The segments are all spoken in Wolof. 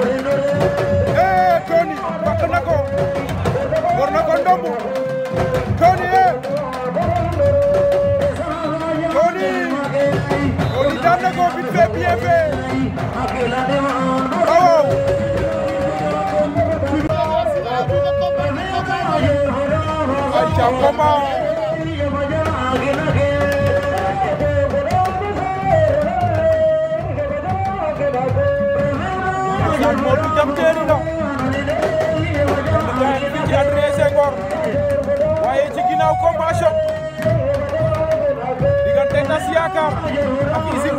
eh Tony bakk na ko war na ko ndomb Tony eh Tony Tony daan na ko vite fait bien fait waaw ay ca combat loolu du jam teeri na Ndourdiane fii a Adrien Senghor waaye ci ginnaaw combat choc diggante Tass Yakar ak Isig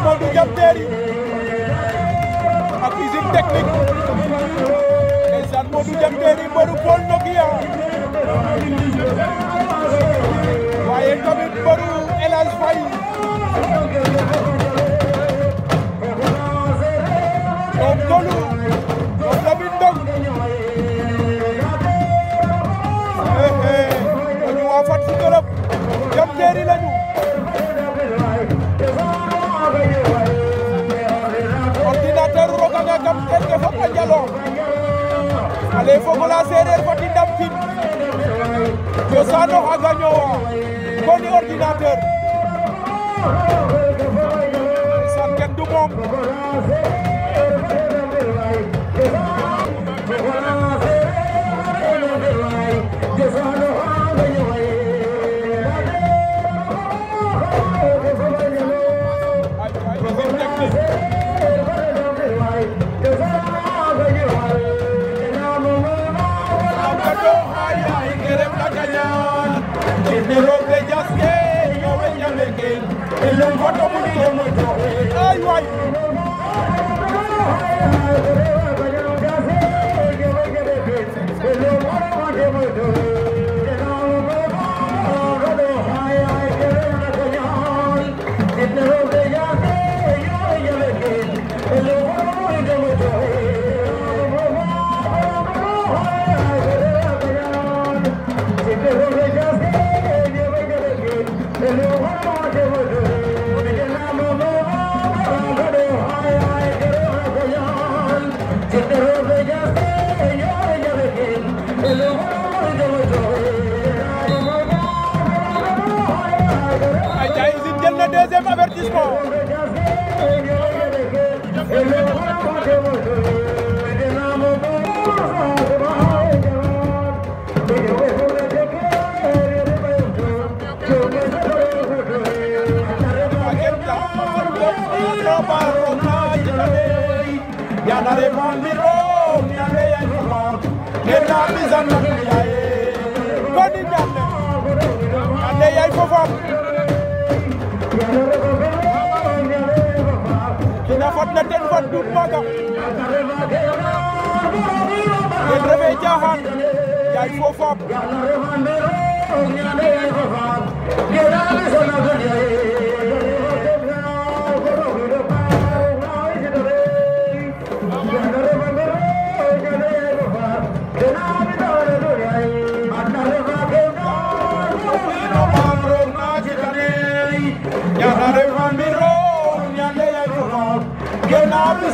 école du ak usine technique ndeysaan Modou Diam Terry mbëru Paul Nokia waaye tamit mbëru El Hadj Faye doom ale fogola sereer fat i ndam kin cosaan o xaaga ñoowa koni ordinateur du moom na ten fat duut maaga ten refe Diakhane yaay fo faap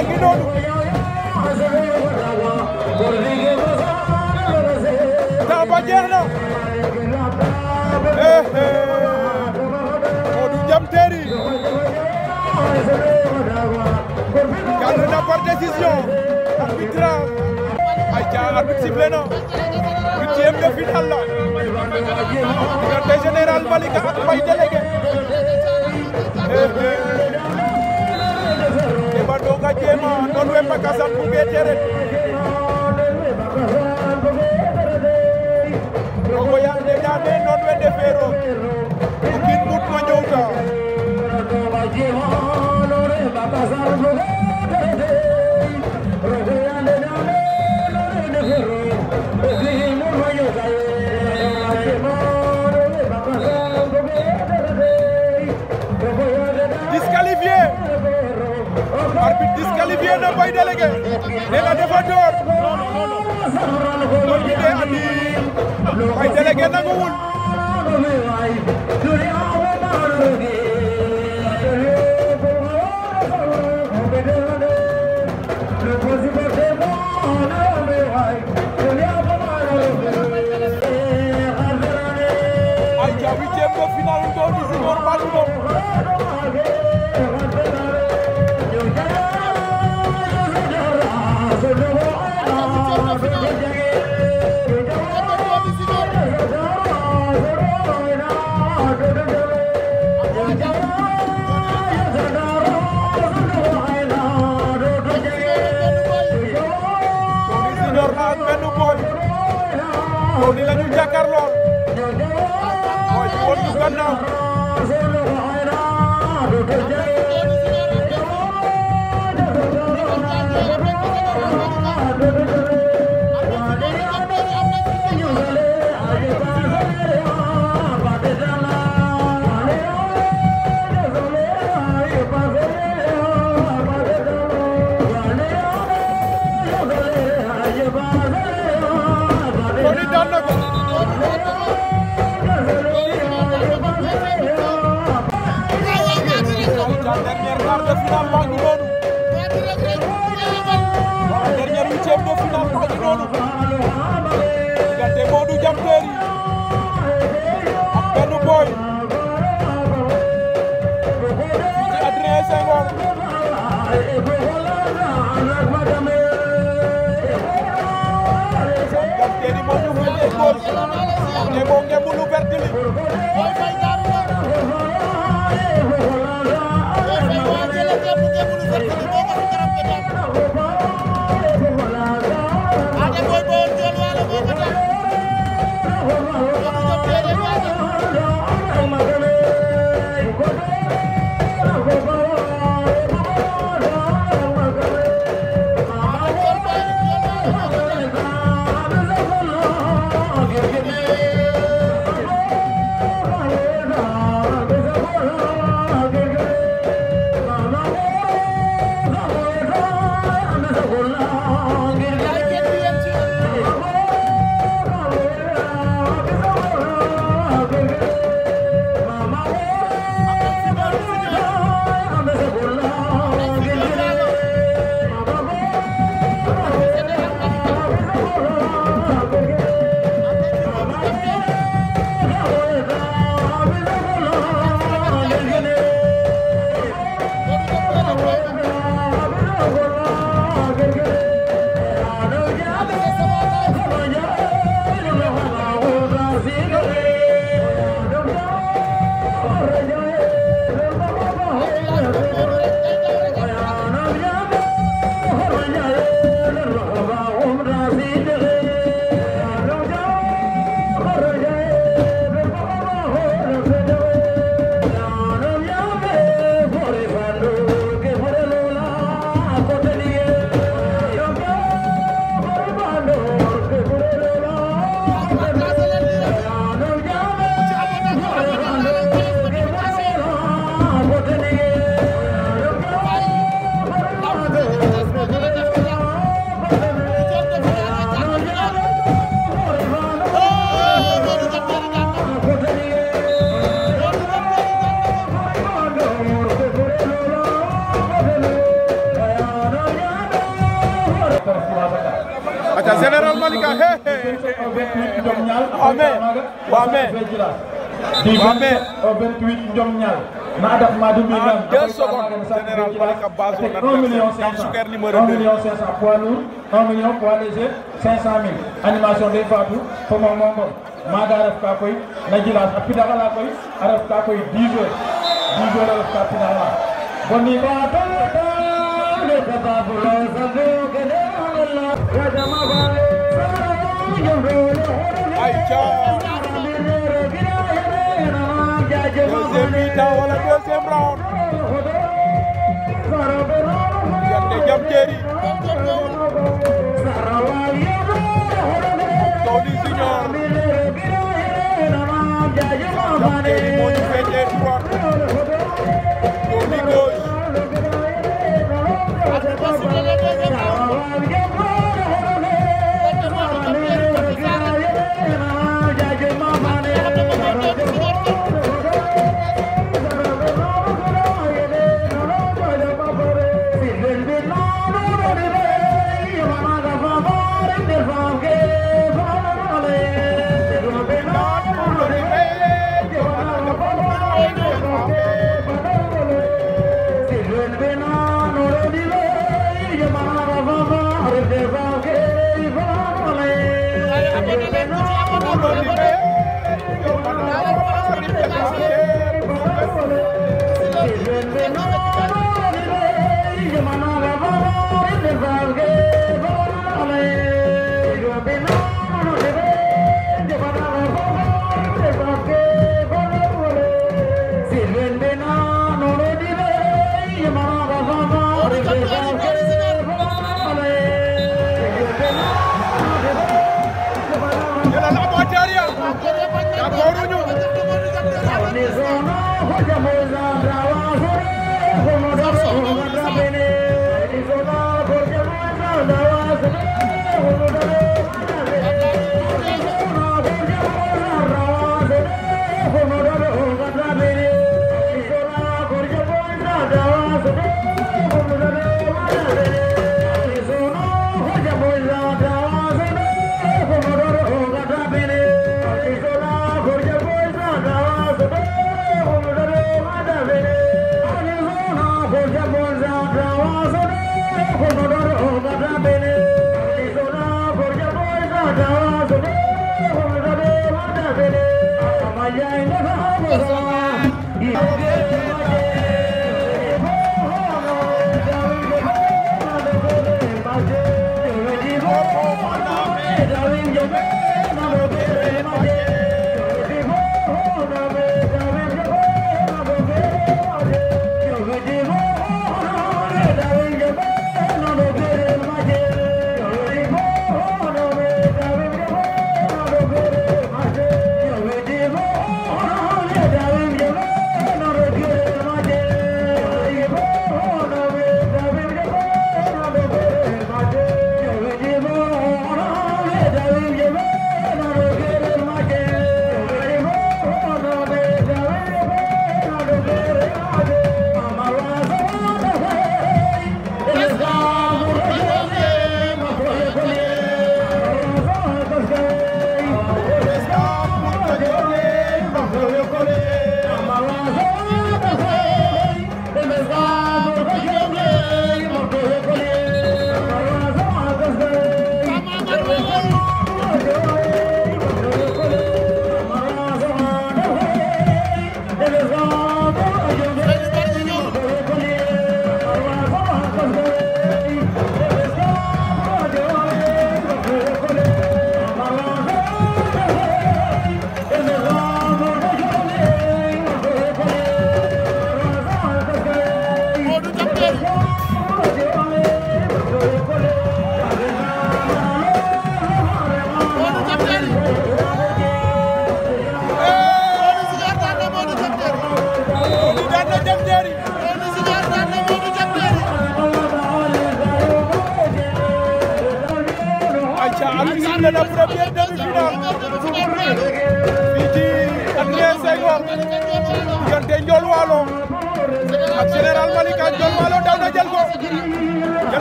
a ngi noonu temps na eh eh Modou Diam Terry gagné na par décision arbitrale ay ca arbitre sifflé na de général Malika ak Mbaye délégué eh eh doog a jéem a doon we teret rogo yaal de daa de doon we defeero bu kiin mut ma arbitre disqualifié na Mbaye Délégué nee na dafa door. non non non. Mbaye Délégué nanguwul. jàkkaar lool mooy ñu woon ñu gannaaw Ngebo ngebo lu vert li au ma du mi ngam deux secondes général Malika Bazo na 1 million 500 1 million 500 poids lourd 1 million poids léger 500 000 animation des fatou fama mongom ka koy na jilas a pida la koy a ref ka koy 10 heures 10 heures a ref ka pida la boni ba ta ta le ka babu la sa do ke de Allah ya jama ba ay cha deuxième mi-temps wala deuxième round. diggante Diam Terry. Tony Junior. Diam Terry moo ñu féetee droite. Tony gauche.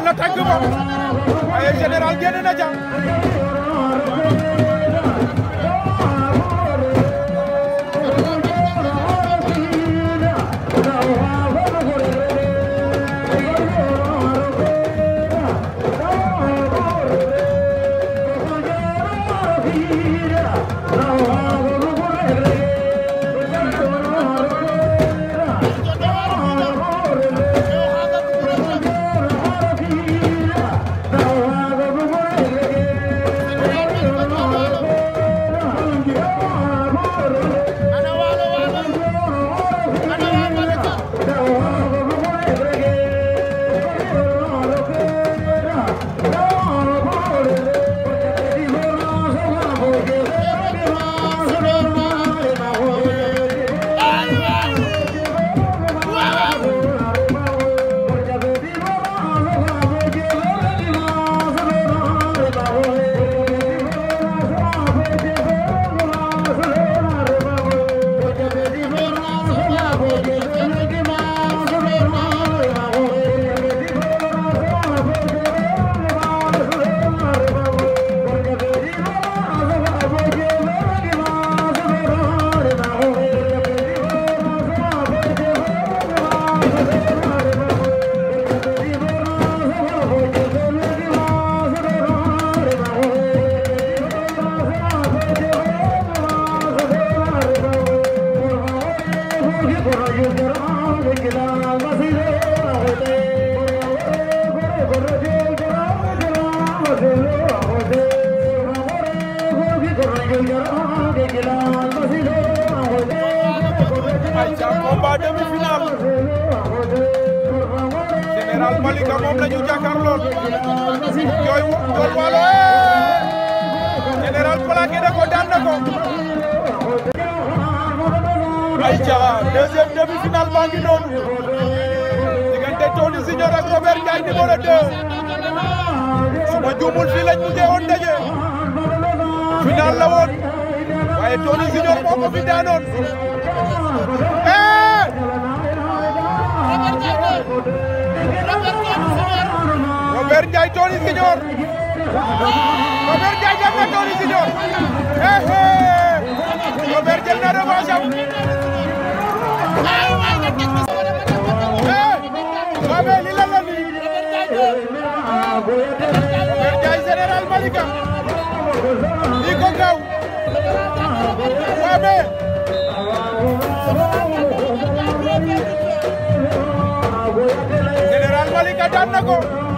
na tànk ba waaye général génn na ca moom la ñu jàkkaarlool Ndiol Walo général plaqué na ko daan na ko. ayca deuxième demi-finale baa ngi noonu diggante Tony Junior ak Robert Ndiaye numéro 2 su ma juumul fii lañ mujjee woon daje final la woon waaye Tony Junior moo ko daanoon. Robert Ndiaye Tony Junior Robert Ndiaye jël na Tony Junior eh eh Robert jël na revanche am eh Robert li la la ni Robert Ndiaye général Malika li ko gaw Robert Général Malika daan na ko